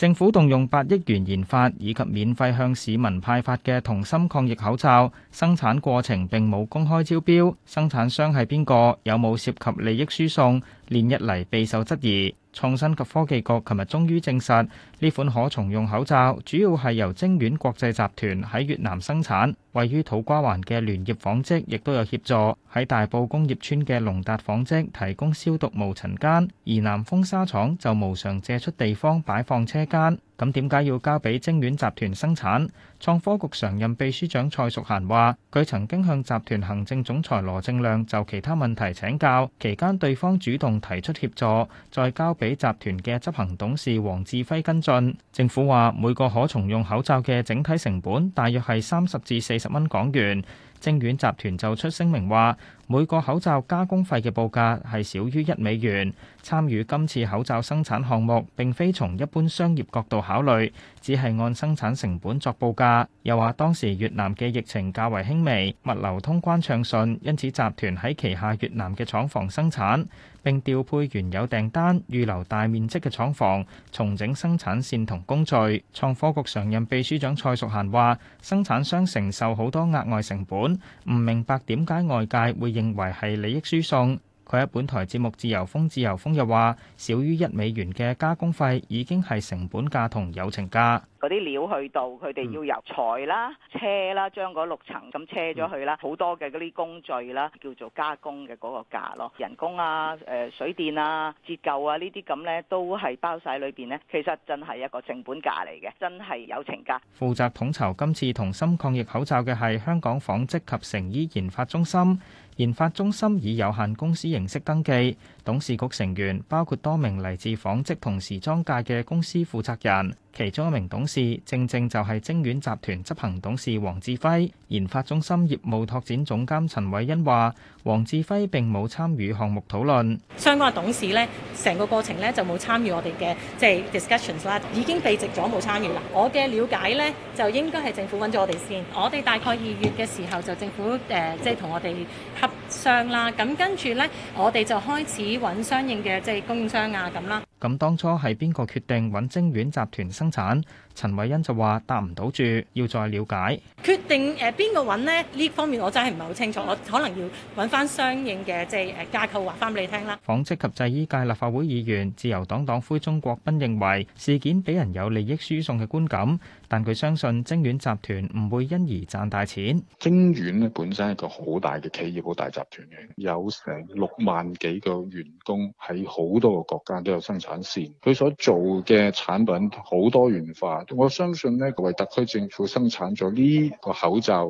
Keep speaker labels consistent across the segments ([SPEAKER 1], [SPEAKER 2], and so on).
[SPEAKER 1] 政府動用八億元研發，以及免費向市民派發嘅銅芯抗疫口罩，生產過程並冇公開招標，生產商係邊個，有冇涉及利益輸送，連日嚟備受質疑。創新及科技局琴日終於證實，呢款可重用口罩主要係由晶苑國際集團喺越南生產，位於土瓜灣嘅聯業紡織亦都有協助，喺大埔工業村嘅龍達紡織提供消毒無塵間，而南豐紗廠就無償借出地方擺放車間。咁點解要交俾晶苑集團生產？創科局常任秘書長蔡淑嫻話：佢曾經向集團行政總裁羅正亮就其他問題請教，期間對方主動提出協助，再交俾集團嘅執行董事王志輝跟進。政府話每個可重用口罩嘅整體成本大約係三十至四十蚊港元。晶苑集團就出聲明話，每個口罩加工費嘅報價係少於一美元。參與今次口罩生產項目，並非從一般商業角度考慮，只係按生產成本作報價。又話當時越南嘅疫情較為輕微，物流通關暢順，因此集團喺旗下越南嘅廠房生產，並調配原有訂單，預留大面積嘅廠房，重整生產線同工序。創科局常任秘書長蔡淑嫻話：生產商承受好多額外成本，唔明白點解外界會認為係利益輸送。佢喺本台節目《自由風自由風》又話：少於一美元嘅加工費已經係成本價同友情價。
[SPEAKER 2] 嗰啲料去到佢哋要由裁啦、車啦，將嗰六層咁車咗去啦，好多嘅嗰啲工序啦，叫做加工嘅嗰個價咯，人工啊、誒、呃、水電啊、折舊啊呢啲咁呢，都係包晒裏邊呢。其實真係一個成本價嚟嘅，真係友情價。
[SPEAKER 1] 負責統籌今次銅芯抗疫口罩嘅係香港紡織及成衣研發中心，研發中心以有限公司形式登記，董事局成員包括多名嚟自紡織同時裝界嘅公司負責人。其中一名董事，正正就係晶苑集團執行董事王志輝。研發中心業務拓展總監陳偉恩話，王志輝並冇參與項目討論。
[SPEAKER 2] 相關嘅董事呢，成個過程呢就冇參與我哋嘅即係 discussion 啦，已經避席咗冇參與啦。我嘅了解呢就應該係政府揾咗我哋先，我哋大概二月嘅時候就政府誒即係同我哋洽商啦，咁跟住呢我哋就開始揾相應嘅即係供應商啊咁啦。
[SPEAKER 1] 咁當初係邊個決定揾晶苑集團生產？陳偉恩就話答唔到住，要再了解
[SPEAKER 2] 決定誒。邊個揾咧？呢方面我真係唔係好清楚，我可能要揾翻相應嘅即係誒架構話翻俾你聽啦。
[SPEAKER 1] 紡織及製衣界立法會議員、自由黨黨魁鍾國斌認為事件俾人有利益輸送嘅觀感，但佢相信晶苑集團唔會因而賺大
[SPEAKER 3] 錢。晶苑咧本身係一個好大嘅企業，好大集團嘅，有成六萬幾個員工，喺好多個國家都有生產線。佢所做嘅產品好多元化，我相信呢，佢為特區政府生產咗呢個口罩。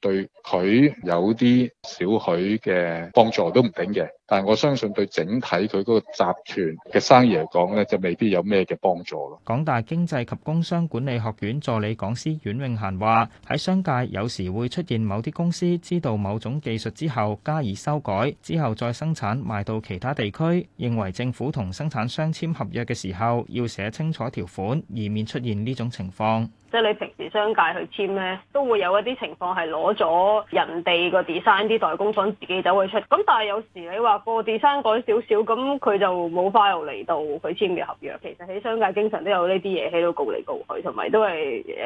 [SPEAKER 3] 對佢有啲少許嘅幫助都唔定嘅，但我相信對整體佢嗰個集團嘅生意嚟講呢就未必有咩嘅幫助咯。
[SPEAKER 1] 港大經濟及工商管理學院助理講師阮永嫻話：喺商界，有時會出現某啲公司知道某種技術之後加以修改，之後再生產賣到其他地區。認為政府同生產商簽合約嘅時候，要寫清楚條款，以免出現呢種情況。
[SPEAKER 2] 即係你平時商界去簽咧，都會有一啲情況係攞咗人哋個 design 啲代工廠自己走去出，咁但係有時你話個 design 改少少，咁佢就冇 file 嚟到佢簽嘅合約。其實喺商界經常都有呢啲嘢喺度告嚟告去，同埋都係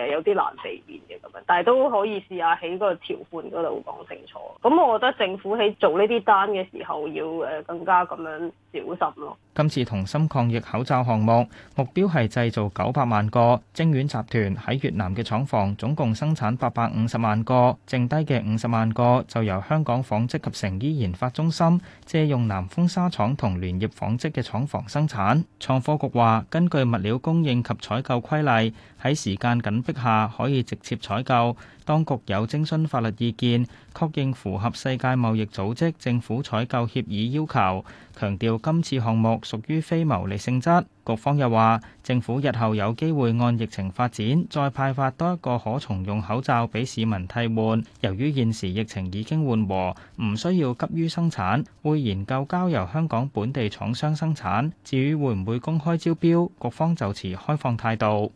[SPEAKER 2] 誒有啲難避免嘅咁樣，但係都可以試下喺個條款嗰度講清楚。咁我覺得政府喺做呢啲單嘅時候要誒更加咁樣小心咯。
[SPEAKER 1] 今次同心抗疫口罩項目目標係製造九百萬個，晶苑集團喺越南嘅廠房總共生產八百五十萬個，剩低嘅五十萬個就由香港紡織及成衣研發中心借用南豐紗廠同聯業紡織嘅廠房生產，創科局話，根據物料供應及採購規例，喺時間緊迫下可以直接採購，當局有徵詢法律意見，確認符合世界貿易組織政府採購協議要求。強調今次項目屬於非牟利性質，局方又話政府日後有機會按疫情發展，再派發多一個可重用口罩畀市民替換。由於現時疫情已經緩和，唔需要急於生產，會研究交由香港本地廠商生產。至於會唔會公開招標，局方就持開放態度。